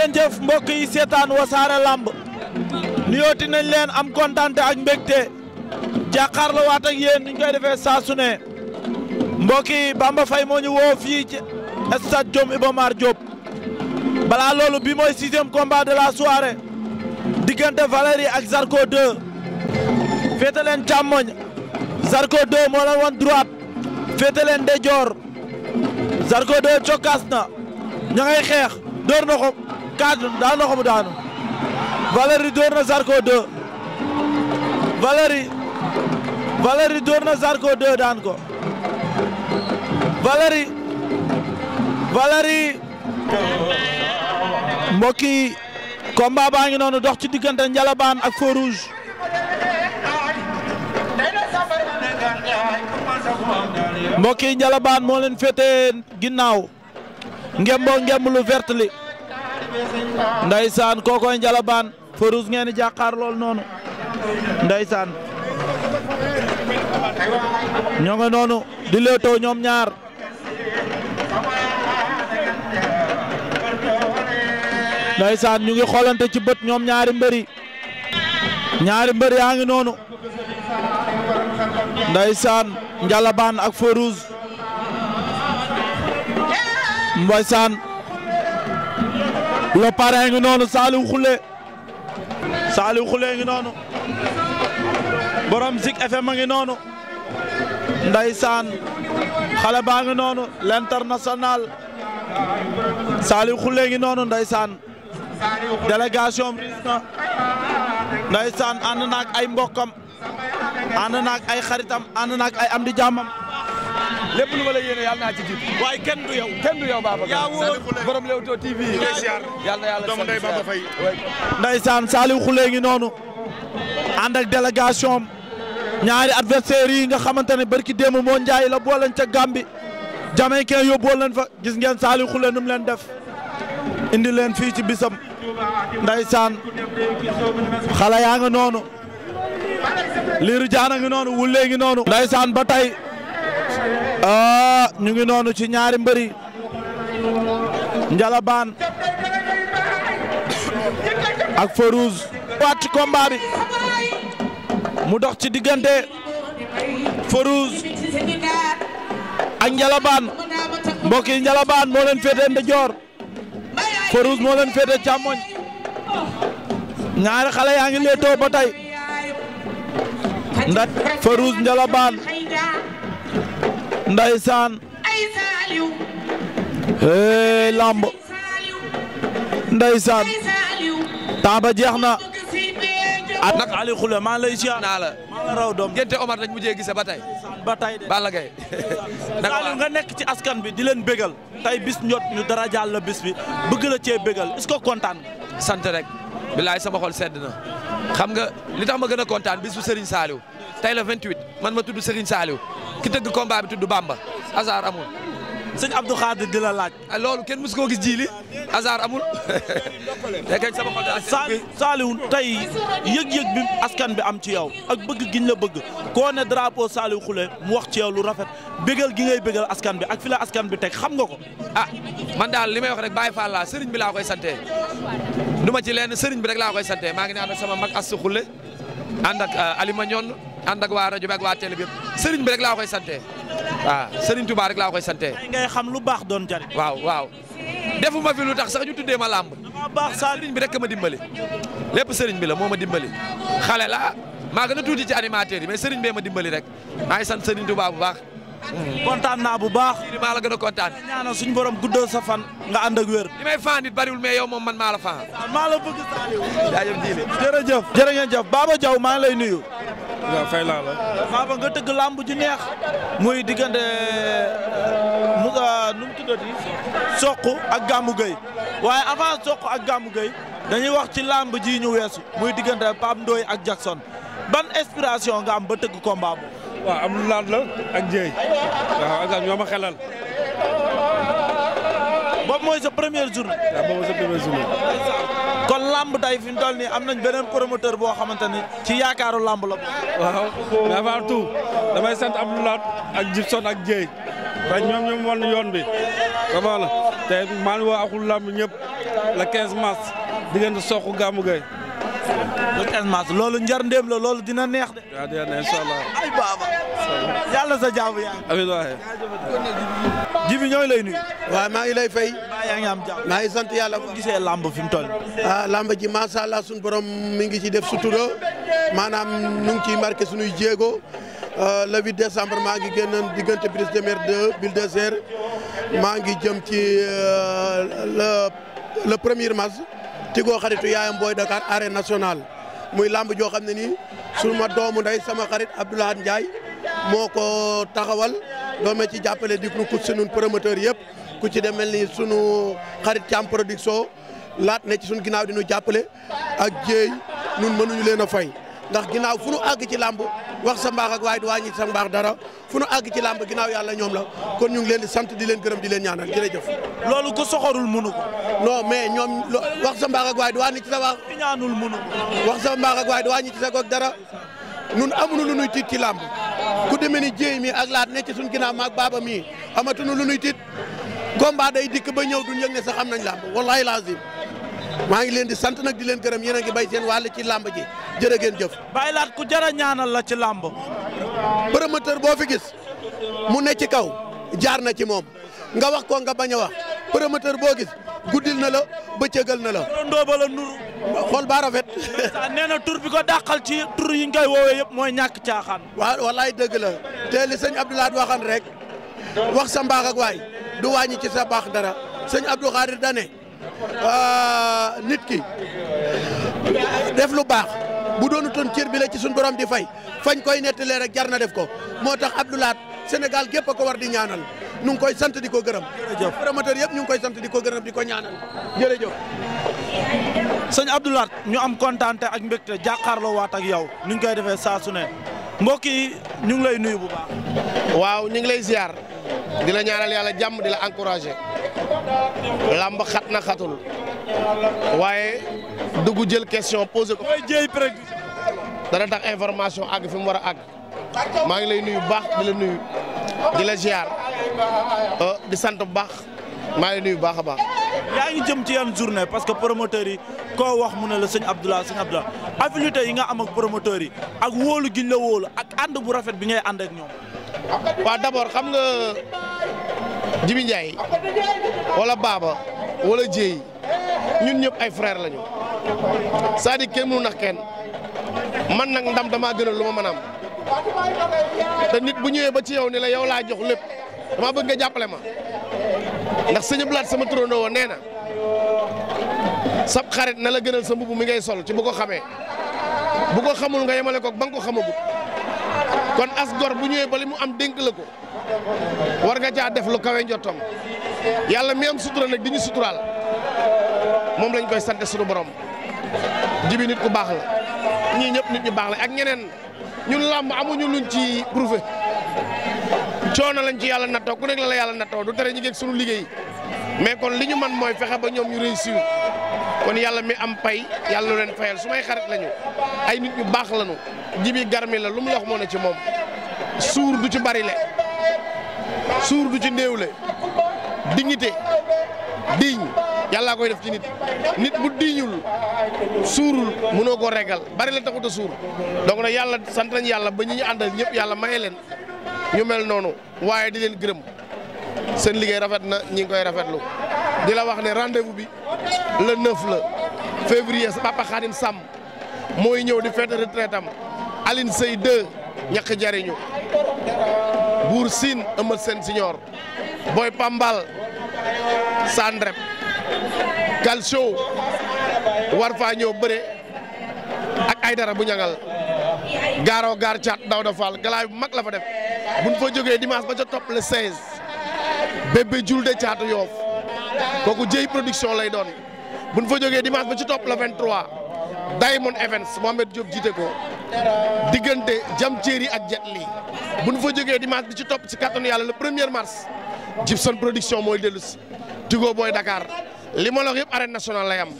ngeen jëf mbokk yi seetaan wasaare lamb nuyooti nañ leen am kontaan ak mbégte jàkkaarloo waat ak yéen ni koy defee saa su ne yi Bamba Faye moo ñu woo fii ci stade Jom Iba Mar Diop balaa loolu bi mooy sixième combat de la soirée diggante Valérie ak Zarko 2 féete leen càmmoñ Zarko 2 moo leen woon droite féete leen ndeyjoor Zarko 2 cokkaas na xeex door na ko cadre daan na ko mu daanu Valérie dóor na Zarko 2 Valérie Valérie dóor na baa ngi noonu dox ci diggante Njalabaan ak Feu Rouge mbokk yi Njalabaan moo leen ginnaaw ngemboo ngemb lu Ndeysaan kookoy Njalabaan Farouz ngeen di jàkkaar lool noonu Ndeysaan ñoo ngi noonu di leetoo ñoom ñaar Ndeysaan ñu ngi xoolante ci bët ñoom ñaari mbëri ñaari mbër yaa ngi noonu saan Njalabaan ak Farouz Mbaysaan le parrain noonu Saliou Khoulé Saliou noonu borom Zik FM a ngi noonu ndeysaan xale baa ngi noonu l'international Saliou Khoulé ngi noonu ndeysaan délégation riis na ndeysaan ànd naak ay mbokkam ànd naak ay xaritam ànd naak ay am di jàmmam lépp lu ma la yéene yàlla waaye kenn du yow kenn du yow Babacar borom yàlla na yàlla doomu ndey Baba Faye ndeysaan Saliou Khoulé ngi noonu ànd ak délégation ñaari adversaires yi nga xamante ne barki démb moo njaay la booleen ca Gàmbi jamaïcain yóbboo leen fa gis ngeen Saliou Khoulé nu leen def indi leen fii ci bisam ndeysaan xale yaa nga noonu liiru jaana ngi noonu wulee noonu ndeysaan ba tey ah ñu ngi noonu ci ñaari mbëri Njalabaan ak Farouz waat ci combat bi mu dox ci diggante Farouz ak Njalabaan mbokk yi Njalabaan moo leen féete ndijoor Farouz moo leen féete càmmoñ ñaari xale yaa ngi leetoo ba tey ndat Farouz Njalabaan ndeysaan hey lamb ndeysaan temps ba jeex na at nag Aliou Khoule maa lay siyaar naa la maa raw doom gente Omar dañ mujjee gise ba tey ba tey de Balla Gaye nag nga nekk ci askan bi di leen bégal tey bis njot ñu dara jàll la bis bi bëgg la cee bégal est ko kontaan sant rek billaay sama xol sedd na xam nga li tax ma gën a kontaan bisu Serigne Saliou tey la 28 man ma tudd Serigne Saliou ki tëgg combat bi tudd Bamba hasard amul. sëñ Abdou Khadir di la laaj. Ah, loolu kenn mës koo gis jiili hasard amul. léegi sama xol daal Saliou yëg-yëg bi askan bi am ci yow ak bëgg giñ la bëgg koo ne drapeau Saliou Khoulé mu wax ci yow lu rafet bégal gi ngay bégal askan bi ak fi askan bi teg xam nga ko. a ah, man daal li may wax rek bàyyi Fall laa bi laa koy sante du ma ci leen sëriñ bi rek laa koy sante maa ngi ne ànd ak sama mag Astou Khoule ànd ak euh, Alima Ñoon ànd ak waa rajo bi ak waa télé bi yëpp sëriñ bi rek laa koy sante waaw sëriñ tubaa rek laa koy sante ngay xam lu baax doon jariñ waaw waaw defuma fi lu tax sax ñu tuddee ma làmb baax sa sëriñ bi rek ma dimbali lépp sëriñ bi la moo ma dimbali xale la maa gën a tuuti ci animateur yi mais sëriñ bee ma dimbali rek maa ngi sant sëriñ Touba bu baax kontaan naa bu baax. maa la gën a suñu borom guddal sa fan nga ànd ak wér. li may faan nit bariwul mais yow moom man maa la maa la bëgg Saliou. jaajëf diile jërëjëf. maa ngi lay nuyu. waaw la. Baba nga tëgg làmb ji neex. muy diggante ah, mu tuddati. Sokh ak Gamou Gueye. waaye avant Sokh ak Gamou Gueye. dañuy wax ci làmb ji ñu weesu. muy diggante Pape Ndoye ak Jackson. ban inspiration nga am ba tëgg combat boobu. waaw am lu la ak jéey waaw ak ñoo ma boobu mooy sa première journée. waaw kon lamb tey fi mu toll nii am nañ beneen promoteur boo xamante ni ci yaakaaru lamb la. waaw mais avant tout damay sant am lu laat ak Gibson ak jéey tey ñoom ñoom wan yoon bi comment la tey maa ngi woo akul lamb ñëpp le 15 mars diggante Sokh Gamou Gueye Casamance loolu njarndéem la loolu dina neex de. waaw sa jaamu yaa. bi ñooy lay nuyu. waaw maa ngi lay fay. yaa ngi am jàmm. maa ngi sant yàlla. bu gisee lamb fi mu toll. ah lamb ji macha allah sunu borom mi ngi ci def sutura maanaam nu ngi ciy marqué sunuy jéego ah, le 8 décembre maa ngi génnoon diggante Brise de Mer 2 Bulldozer maa ngi jëm ci euh, le le premier mars. Tigo xaritu yaayam mbooy Dakar arène nationale muy lamb joo xam ne ni su ma doomu ndey sama xarit Abdoulaye Ndiaye moo ko taxawal doome ci jàppale di ko sunu promoteur yëpp ku ci demel ni sunu xarit Thiam production laat ne ci sunu ginnaaw di nu jàppale ak jéey ñun mënuñu leen a fay. ndax ginnaaw fu nu àgg ci làmb wax sa mbaax ak waaye du wàññi sa mbaax dara fu nu àgg ci làmb ginaaw yàlla ñoom la kon ñu ngi leen di sant di leen gërëm di leen ñaanal jërëjëf. loolu ko soxorul mënu ko. non mais ñoom wax sa mbaax ak waaye du wàññi ci sa wax. ñaanul mënu wax sa mbaax ak waaye du wàññi ci sa goog dara nun amuñu lu nuy tiit ci làmb ku demee ni jéey mi ak laat ne ci suñ ginnaaw maag baaba mi amatuñu lu nuy tiit combat dikk ba ñëw duñ yëg ne sax am nañ làmb wallahi lazim maa ngi leen di sant nag di leen gërëm yéen a ngi bay seen wàll ci làmb ji jërë ngeen jëf. bàyyi laat ku jara ñaanal la ci làmb. promoteur boo fi gis mu ne ci kaw jaar na ci moom nga wax ko nga bañ a wax promoteur boo gis guddil na la bëccëgal na la. ndóoba la nuru. xool baa rafet. nee na tur bi ko dàqal ci tur yi ngay yëpp mooy ñàkk caaxaan. waaw wallaay dëgg la te li sëñ Abdoulaye waxan rek wax sa mbaax waay du wàññi ci sa baax dara sëñ Abdou Khadir Dane. Euh, nit ki def lu baax bu doonutoon cër bi la ci suñ borom di fay fañ koy nettalee rek jar na def ko moo tax Abdou Lahat Sénégal gépp a ko war di ñaanal ñu ngi koy sant di ko gërëm. jërëjëf promoteur yëpp ñu ngi koy sant di gërëm di ko ñaanal jërëjëf. sëñ Abdou ñu am kontaante ak mbégte jàkkaarloo waat ak yow ni ñu koy defee saa su ne mbokk yi ñu ngi lay nuyu bu baax. waaw ñu ngi lay ziar dina la ñaanal yàlla jàmm di la encouragé. làmb xat na xatul waaye dugg jël question posé ko. mooy jéey dana tax information ag fi mu war a àgg maa ngi lay nuyu baax di la nuyu di la ziar euh, di sant bu baax maa ngi lay nuyu baax a baax. yaa ngi jëm ci yan journée parce que promoteurs yi ko wax mu ne la sëñ Abdoulaye sëñ Abdoulaye affinité yi nga am ak promoteurs yi ak wóolu gi la wóolu ak ànd bu rafet bi ngay ànd ak ñoom. waaw d'abord xam nga Jibi Ndiaye wala Baba wala Dieye ñun ñëpp ay frère lañu saa di dire kenn mënu nax kenn man nag ndam damaa gënal lu ma mën a te nit bu ñëwee ba ci yow ni la yow laa jox lépp dama bëgg nga jàppale ma ndax sëñ Blaat sama turandoo nee na sab xarit na la gënal sa mbubb mi ngay sol ci bu ko xamee bu ko xamul nga yemale ko ba nga ko xamagut kon as gor bu ñëwee ba li mu am dénk la ko war nga caa def lu kawe njottam yàlla mi am sutura nag di ñu suturaal moom lañ koy sante suñu borom jibi nit ku baax la ñii ñëpp nit ñu baax la ak ñeneen ñun làmb amuñu luñ ci prouvé coono lañ ci yàlla nattoo ku nekk la la yàlla nattoo du tere ñu ngeeg suñu liggéey mais kon li ñu man mooy fexe ba ñoom ñu réussir kon yàlla mi am pay yàlla leen fayal su may xarit lañu ay nit ñu baax lañu jibi garmi la lu mu yox moo ne ci moom suur du ci bari le suur du ci néew le dignité diñ yàllaa koy def ci nit nit bu diñul suurul mënoo koo regal bari la taxut a suur donc na yàlla sant nañ yàlla ba ñi ñu ñëpp yàlla maye leen ñu mel noonu waaye di leen gërëm seen liggéey rafet na ñi ngi koy rafetlu di la wax ne rendez-vous bi le 9 la février sa papa Khadim Samb mooy ñëw di fête retraite Aline Sey 2 ñaq jariñu Buur Siin Eumeu Sène Senior Boy Pambal Sandrep Calcio war faa ñëw bëre ak ay dara bu ñangal gaaro gaar caat Daouda Fall galaay bu mag la fa def buñ fa jógee dimanche ba ca topp le 16 bébé julde caatu yoof kooku jëy production lay doon buñ fa jógee dimanche ba ci topp le 23 Diamond Events Mohamed Diop jiite ko diggante jam céeri ak jet lii bu ñu fa jógee di dimanche bi ci topp ci kattanu yàlla le premier mars Jibson production mooy dellu si Tigo Boy Dakar li ma la wax yëpp arène nationale lay am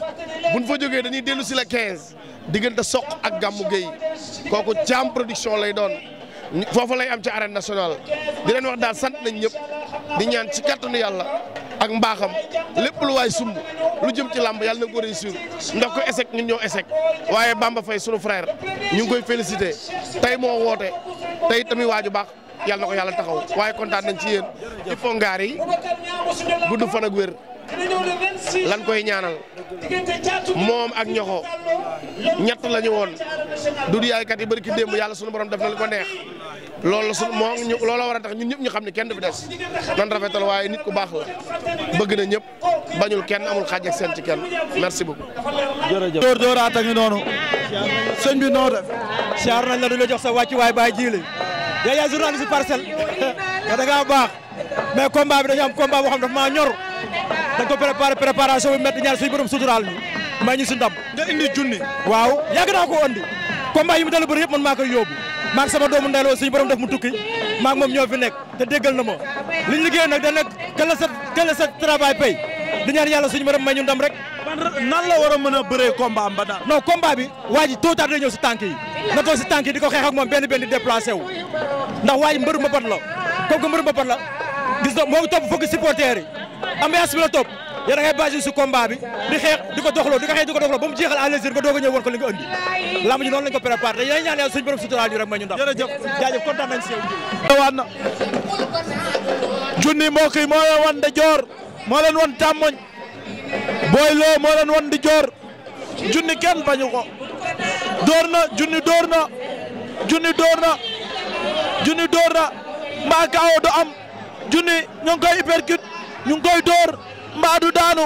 bu ñu fa jógee dañuy dellu si le 15 diggante soq ak gàmmu géey kooku caam production lay doon foofu lay am ci arène nationale di leen wax daal sant nañ ñëpp di ñaan ci kattanu yàlla. ak mbaaxam lépp lu waay sumb lu jëm ci làmb yàlla na ko réussir ndax ko échec ñun ñoo échec waaye Bamba fay sunu frère ñu ngi koy félicité tey moo woote tey tamit waaju baax yàlla na ko yàlla taxaw waaye kontaan nañ ci yéen ci pongaar yi gudd fan ak wér lan koy ñaanal moom ak ñoxo ñett lañu woon du yaaykat yi bari ki demb yàlla sunu boroom def na lu ko neex loolu su moo ñu looloo war a tax ñun ñëpp ñu xam ne kenn du fi des nan rafetal waaye nit ku baax la bëgg na ñëpp bañul kenn amul xaaj ak seen ci kenn merci beaucoup. jërëjëf Dóor Dóoraat a ngi noonu. sëñ bi noo def. siyaar nañ la du la jox sa wàccu waay baay jiile. yaa yaa journaliste parcelle. te da ngaa baax. mais combat bi dañu am combat boo xam dafa maa ñor. dañ ko préparé préparation bi métti ñaar suñu borom suturaal ñu. may ñu si ndam. nga indi junni. waaw yàgg naa ko andi. combat yi mu dal bëri yëpp man maa koy yóbbu. maag sama doomu ndey la suñu borom def mu tukki maag moom ñoo fi nekk te déggal na ma li ñu liggéey nag da nekk sa kala sa travail pay di ñaan yàlla suñu borom ma ñu ndam rek. nan la war a mën a bëree combat am ba daal. non combat bi waa ji tootaat day si tànk yi na toog si tànk yi di ko xeex ak moom benn benn di déplacé wu ndax waa ji mbëru mbapat la kooku mbëru mbapat la gis nga moo ngi topp fukki supporters yi ambiance bi la topp yow da ngay basé su combat di xeex di ko doxloo di ko xeex di ko doxloo ba mu jeexal à l'ésir doog a ñëw woon ko li nga andi lamb ji noonu ko préparé te yéen ñaan yàlla suñu borom suturaal ñu rek may ñu ndax si yow waan moo leen wan di joor moo leen wan tàmmoñ booy loo moo leen wan di joor junni kenn bañu ko door na junni door na junni door na junni door na am junni ñu ngi koy hypercute ñu ngi koy door mbaadu daanu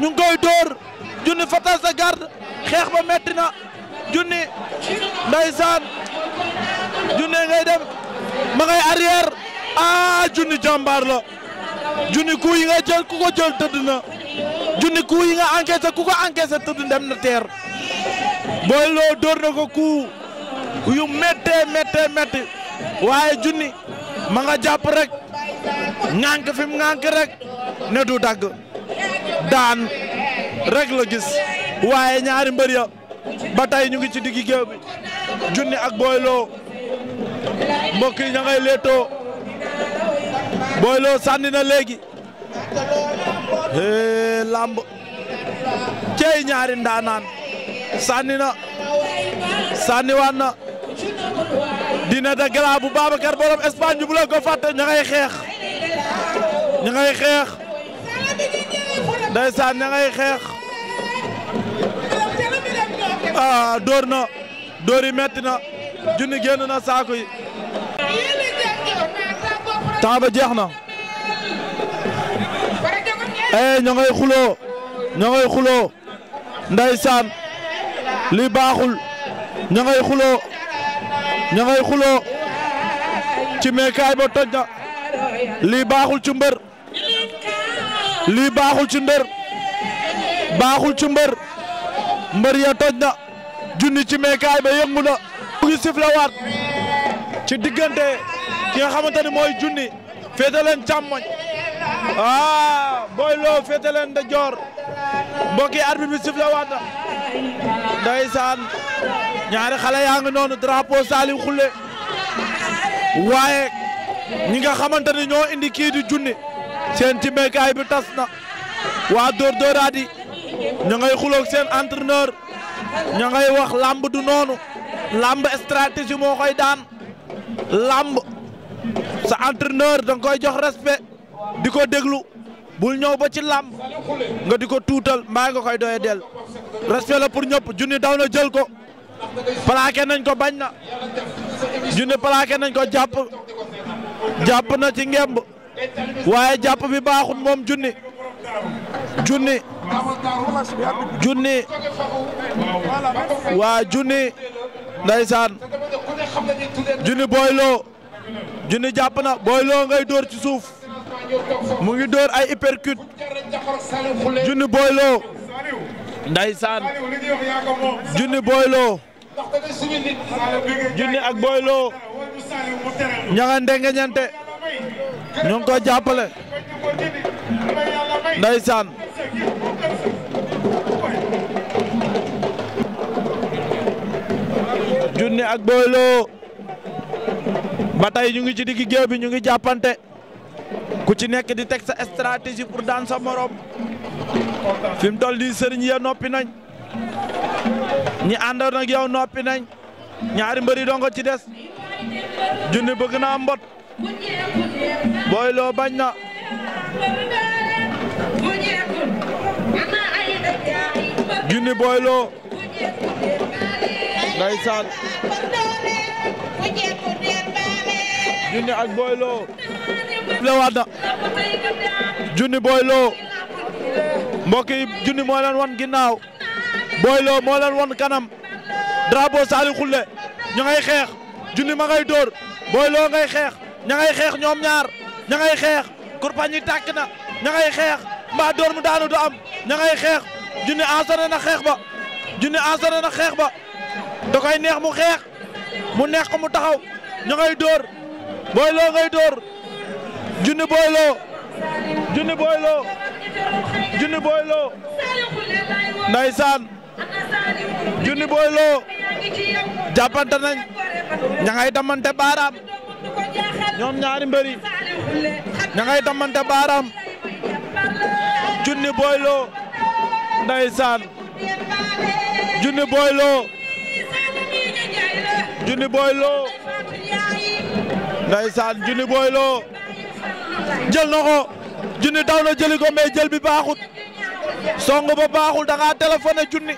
ñu koy dóor junni fatal sa garde xeex ba metti na junni ndaysaan junni ngay dem ma ngay arrière a ah, junni jàmbaar la junni ku yi nga jël ku ko jël tëdd na junni ku yi nga encaissé ku ko encaissé tëdd dem na teer booy loo dóor na ko ku yu méttee méttee métti waaye junni ma nga jàpp rek ŋànk fi mu ŋànk rek ne du dagg daan rek la gis waaye ñaari mbër ya ba tey ñu ngi ci diggi géew junni ak Boy Lo mbokk yi ña ngay leetoo Boy Lo sànni na léegi làmb cey ñaari ndaanaan sànni na sànniwaan na dina da bu Babacar borom Espagne bi bu la ko fàtte ña xeex ña ngay xeex ndeysaan ña ngay xeex ah dóor na dóor yi metti na junni génn na saako yi temps ba jeex na eh ña ngay xuloo ña ngay xuloo ndeysaan li baaxul ña xuloo ña ngay ba toj na lii baaxul ci mbër lii baaxul ci ndër baaxul ci mbër mbër ya toj na junni ci meekaay ba yëngu na mu ngi siflewaat ci diggante ki nga xamante ni mooy junni féete leen càmmoñ ah booy loo féete leen da joor mbokki arbitre bi siflewaat na ndeysaan ñaari xale yaa ngi noonu drapeau Saliou waaye ñi nga xamante ni ñoo indi kii di junni seen timmekaay bi tas na waa dóor dóoraat ña ngay xuloog seen entraîneur ña ngay wax làmb du noonu làmb stratégi moo koy daan làmb sa entraîneur danga koy jox respect di ko déglu bul ñëw ba ci làmb nga di ko tuutal mbaa nga koy doye del respect la pour ñëpp junni daw na jël ko plaqué nañ ko bañ na junni plaqué nañ ko jàpp jàpp na ci ngemb waaye jàpp bi baaxut moom junni junni junni waa junni ndeysaan junni boyloo junni jàpp na boyloo ngay dóor ci suuf mu ngi dóor ay uppercut junni boyloo ndeysaan junni boyloo junni ak boyloo ña nga ndengeñante ñu ko koy jàppale ndeysaan junni ak Boy Lo ba tey ñu ngi ci digg géew bi ñu ngi jàppante ku ci nekk di teg sa stratégie pour daan sa morom fi mu toll di sëriñ ya noppi nañ ñi àndoon ak yow noppi nañ ñaari mbëri dongo ci des junni bëgg naa mbot Boy Lo bañ na junni Boy Lo ndeysaan junni ak Boy Lo lewaat na junni Boy Lo junni moo wan ginnaaw Boy Lo moo leen wan kanam drapeau Saliou Khoulé ñu ngay xeex junni ma ngay dóor Boy ngay xeex ña ngay xeex ñoom ñaar ña xeex kurpañ yi tàkk na ña xeex mbaa door mu daanu am ña xeex junne ensene na xeex ba junne ensene na xeex ba da neex mu xeex mu neex mu taxaw ña ngay door booy loo ngay door junne booy loo junne booy loo junne booy junni booy loo nañ ña damante baaraam ñoom ñaari mbëri ña ngay damante baaraam junni boyloo ndeysaan junni boyloo junni boyloo ndeysaan junni boyloo jël na ko junni daw na jëli ko mais jël bi baaxut song ba baaxul da ngaa téléphoné junni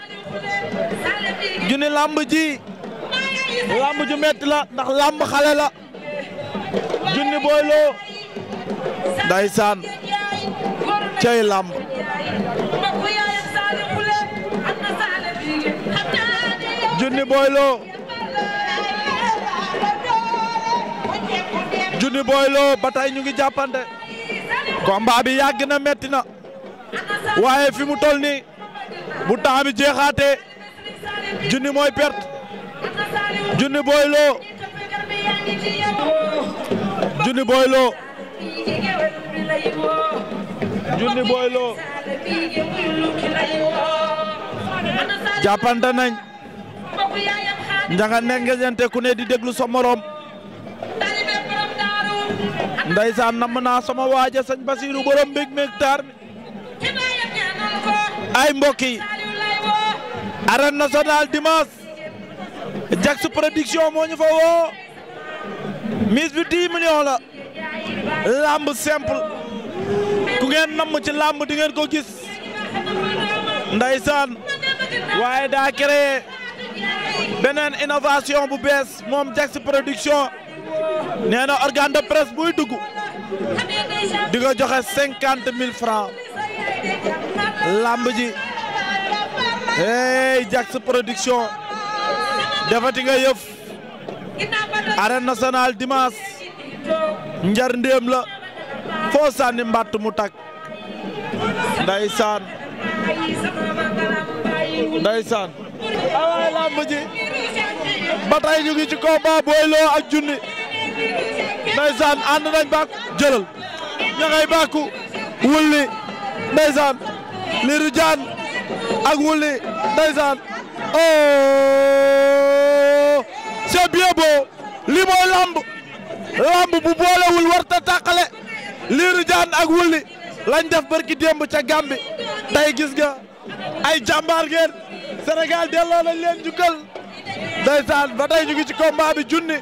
junni làmb ji làmb ju metti la ndax làmb xale la junni boyloo ndaysaan cey làmb junni boyloo junni boyloo ba tey ñu ngi jàppante combat bi yàgg na metti na waaye fi mu tol ni bu temps bi jeexaatee junni mooy perte junni boyloo junni boyloo Ndioundi Boy Lo jàppante nañ njanga nengejante ku ne di déglu sa morom ndaysaan namm naa sama waaja sëñ Basiru borom mbég mbég taar ay mbokk yi arène nationale dimanche Diaks production fa woo mise bi 10 millions la làmb simple ku ngeen namm ci làmb di ngeen ko gis ndaysaan waaye daa créé beneen innovation bu bees moom Jax production nee na organe de presse buy dugg di joxe cinquante mille francs làmb ji hey Jax production defati nga yëf arène nationale dimanche njar ndéem la foo sànni mbàtt mu tag ndaysaan ndaysaan awaay làmb ji ba tey ñu ngi ci combat Boy Lo ak junni ndaysaan ànd nañ bàkku jëlal ña ngay bàkku wulli ndaysaan liiru jaan ak wulli ndaysaan oh c'est bien beau li mooy làmb lamb bu boolewul warta tàqale liiru jaan ak wulli lañ def barki démb ca Gàmbi tey gis nga ay jàmbaar ngeen Sénégal delloo leen jukkal ndeysaan ba tey ñu ngi ci junni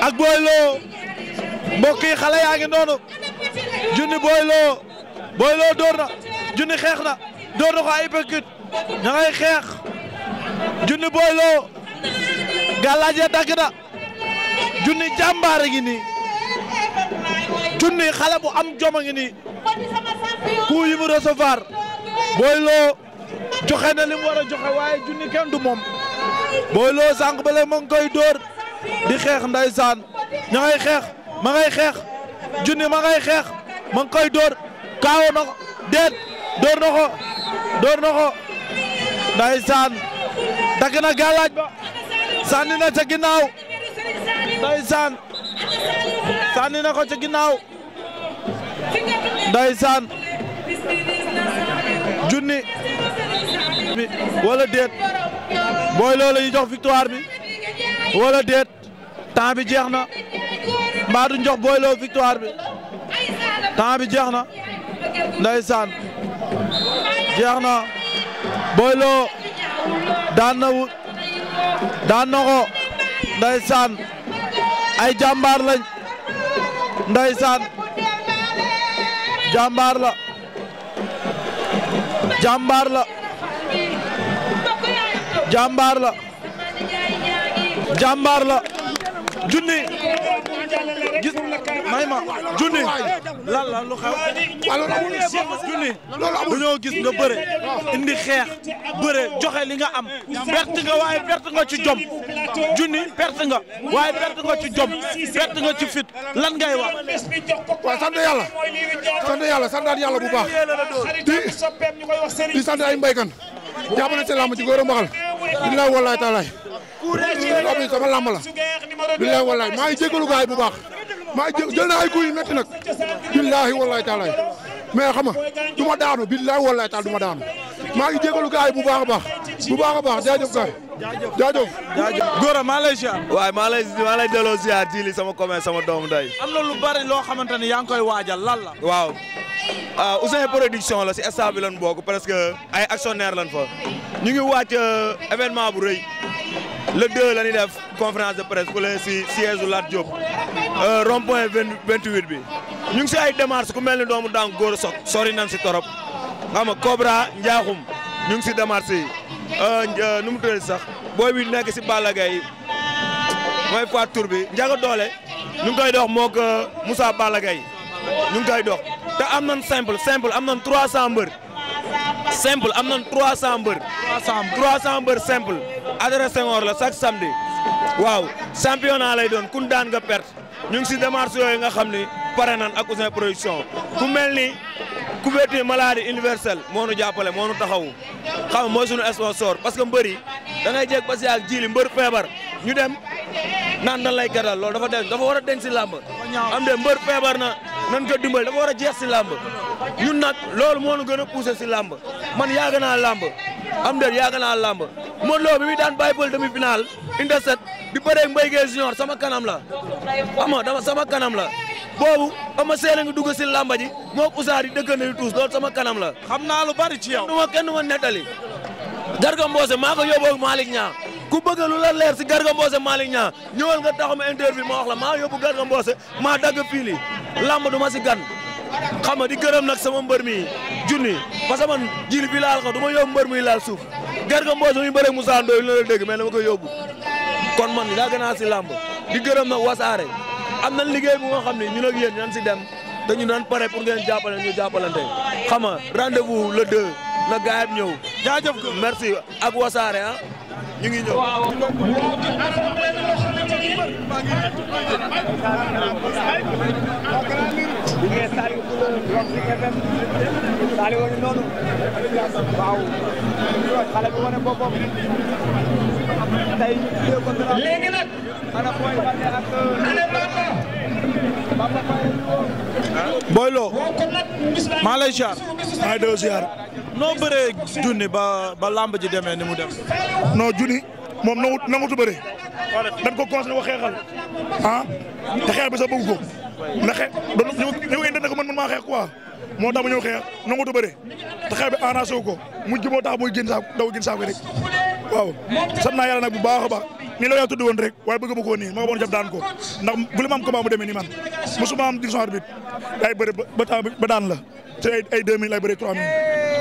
ak Boy Lo xale yaa ngi noonu junni Boy Lo Boy junni xeex na door na ko xeex junni Boy Lo gàllaaj ya junni jàmbaar a ngi nii junni xale bu am jom a ngi nii ku yi mu recevoir booy loo joxe na li waaye junni kenn du moom booy loo sànq ba léegi koy dóor di xeex ndeysaan ña ngay xeex ma ngay xeex junni ma ngay xeex ma ngi koy dóor kaawo na ko déet dóor na dóor na ko ndeysaan dagg na ba sànni na ca ginnaaw ndeysaan sànni na ko ci ginnaaw ndeysaan junni bi wala déet booy ñu jox victoire bi wala déet temps bi jeex na mbaa duñ jox victoire bi temps bi jeex na ndeysaan jeex na booy daan na wut daan na ko ndeysaan ay jàmbaar lañ ndeysaan jàmbaar la jàmbaar la jàmbaar la jàmbaar la junni gis may ma junni lan la lu xew junni dañoo gis nga bëre indi xeex bëre joxe li nga am perte nga waaye perte nga ci jom junni perte nga waaye perte nga ci jom perte nga ci fit lan ngay wa waaw sant yàlla sant yàlla santaat yàlla bu baax di di sant ay mbaykan jàpp na ci làmb ci góor a mbaxal billaay wallaay taalaay xam ne sama làmb la billahi wallahi maa ngi jégalu gaay bu baax maa ngi jël naa ay kuy yu métti nag billahi wallahi taalaay mais xam nga du ma daanu billahi wallahi taala du ma daanu maa ngi jégalu bu baax a baax bu baax a baax jaajëf gars jaajëf jaajëf. Gora maa lay ziar. waaye maa lay maa lay delloo sama commune sama doomu day am na lu bari loo xamante ne yaa ngi koy waajal lan la. waaw ah Ouzin production la si stade bi lan bokk parce que ay actionnaire lan fa ñu ngi wàcc euh, événement bu rëy le 2 lan ñuy def conférence de presse fële si siège u Lat Diop rond point 28 bi ñu ngi si ay démarches ku mel ni doomu daan góor a sori nan si torop xam nga Cobra Ndiakhoum ñu ngi si démarche yi euh, nu mu tuddati sax booy bi nekk si Balla Gaye mooy poids tour bi Ndiaga Dollé ñu ngi koy dox moog euh, Moussa Balla Gaye ñu ngi koy dox te am nañ simple simple am nañ 300 mbër simple am nañ 300 mbër. 300 mbër 300 mbër simple. adresse Senghor la chaque samedi waaw championnat lay doon kun daan nga perte ñu ngi si démarche yooyu nga xam ni pare nan ak Ouzin ku mel ni couverture maladie universelle moo nu jàppale moo nu taxawu xam mooy suñu sponsor parce que mbër yi dangay ngay jéeg ba si ak jiili mbër feebar ñu dem naan dan lay gàddal loolu dafa dem dafa war a si lamb am de mbër feebar na nan ko dimbali dafa war a jeex si lamb ñun nag loolu moo nu gën a poussé si làmb man yàgg naa lamb am de yàgg naa làmb Modou Lo bi muy daan bàyyi demi final indi set di bëreeg Mbaye Guèye sama kanam la ama dama sama kanam la boobu ama seen a dugg si lamba ji moog usaar yi dëkkandali tuus loolu sama kanam la. xam naa lu bari ci yow. kenn du ma kenn nettali. Garga Mbossé maa ko yóbboo Malick Niang ku bëgg lu la leer si Garga Mbossé ñaa Niang ñëwal nga taxaw ma interview ma wax la maa yóbbu Garga maa dagg fili lamb duma si gan. xam di gërëm nag sama mbër mi junni parce que man jili bi laal ko ma yóbbu mbër muy laal suuf Garga Mbossé muy bëreeg Moussa Ndoye lu la dégg mais dama koy kon man daa gën a di gërëm nag wasaare am nañ liggéey bu nga xam ne ñu ak yéen ñan si dem te ñu daan pare pour ngeen jàppale ñu jàppalante xam nga rendez-vous le 2 na gaayam ñëw. jaajëf ko merci ak wasaare ah ñu ngi ñëw. léegi nag ana Papa Boy Lo maa lay ziar maa ngi ziar noo bëree junni ba ba làmb ji demee ni mu def noo junni moom nangu nangutu bëree dañ ko conseillé wax xeexal ah te xeex bi sax bëgg ko ndax xeex doon ñu na ko man man xeex quoi moo tax mu ñëw xeex nangatu bëre te xeex bi arrangé wu ko mujj moo tax muy génn saako daw génn saako rek waaw sant naa yàlla nag bu baax a baax nii la yaa tudd woon rek waaye bëgg ma koo nii ma ko boon jàpp daan ko ndax bu li ma am combat mu demee nii man mosuma am division arbitre ay bëri ba temps ba daan la ci ay ay deux mille ay bëri trois mille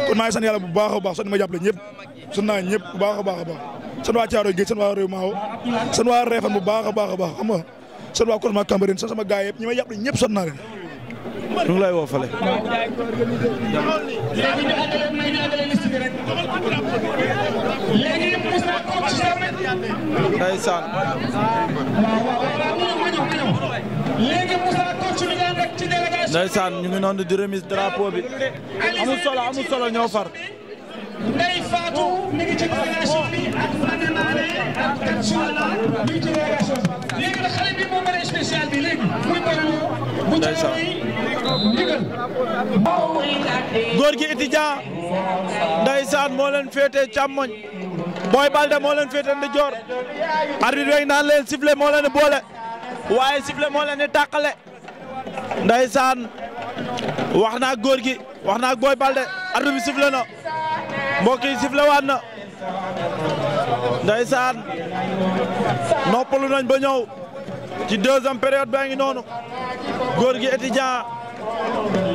kon bu baax a baax sant ma jàppale ñëpp sant naa ñëpp bu baax a baax a baax sant waa Thiaroye Géej sant waa bu baax a baax a baax xam nga sant waa Kosma Cambérène sant sama gaay yëpp naa leen ñu ngi lay woo fële. ndeysaan. ndeysaan ñu ngi noonu di remise drapeau bi amul solo amul solo ñoo far. Ndeye Fatou mi ngi ci délégation bi ak Fane Mané ak Katsuala mi ngi ci délégation bi léegi góor gi étudiant ndeysaan moo leen féetee càmmoñ Boy moo leen féetee ndijoor arbitre yi naan leen sifflet moo leen boole waaye sifflet moo leen di tàqale ndeysaan wax naa góor gi wax naa Boy Balde arbitre bi sifflet na. mbokk yi sifle waat na ndeysaan noppalu nañ ba ñëw ci deuxième période baa ngi noonu góor gi étudiant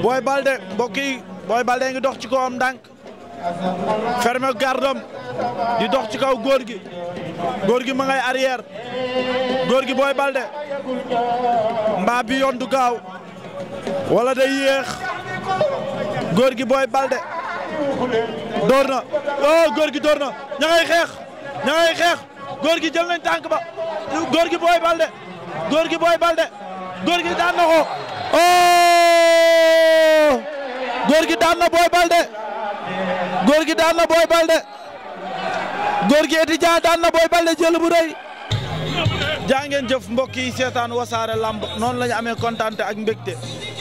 Boy Baldé mbokk booy Boy Baldé ngi dox ci kawam ndànk ferme gardam di dox ci kaw góor gi gi ma ngay arrière góor gi booy Baldé mbaa bi yoon du gaaw wala day yéex góor gi Boy Baldé door na oh góor gi door na ña xeex ña gi jël nañ tànk ba góor gi booy balde góor gi booy balde góor gi daan na ko oh góor gi daan na booy balde góor gi daan na booy balde góor gi étudiant daan na booy balde jël bu rëy. jaa ngeen jëf mbokk yi seetaan wasaare lamb noonu la ñu amee kontaan ak mbégte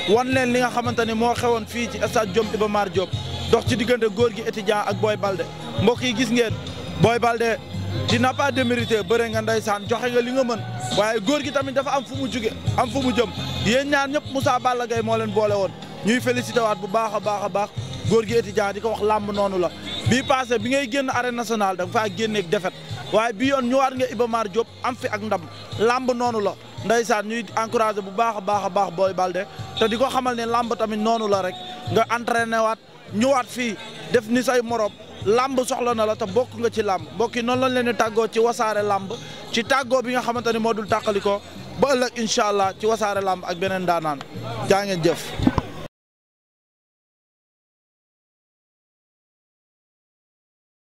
wan leen li nga xamante ni moo xewoon fii ci stade Diop Iba Mar Diop. dox ci diggante góor gi étudiant ak Boy Balde mbokk yi gis ngeen Boy Balde tu n'as pas démérité bëre nga ndeysaan joxe nga li nga mën waaye góor gi tamit dafa am fu mu jóge am fu mu jëm yéen ñaar ñëpp Moussa Balla gay moo leen boole woon ñuy félicité waat bu baax a baax a baax góor gi étudiant di ko wax làmb noonu la bii passé bi ngay génn arène nationale da nga faa génneeg défaite waaye bi yoon ñëwaat nga Iba Mar Diop am fi ak ndam làmb noonu la ndeysaan ñuy encouragé bu baax a baax a baax Boy Balde te di ko xamal ne làmb tamit noonu la rek nga entraîné waat ñëwaat fii def ni say morom làmb soxla na la te bokk nga ci làmb mbokk yi noonu lañ leen di tàggoo ci wasaare làmb ci tàggoo bi nga xamante ni moo dul ko ba ëllëg incha allah ci wasaare làmb ak beneen daanaan jaa ngeen jëf.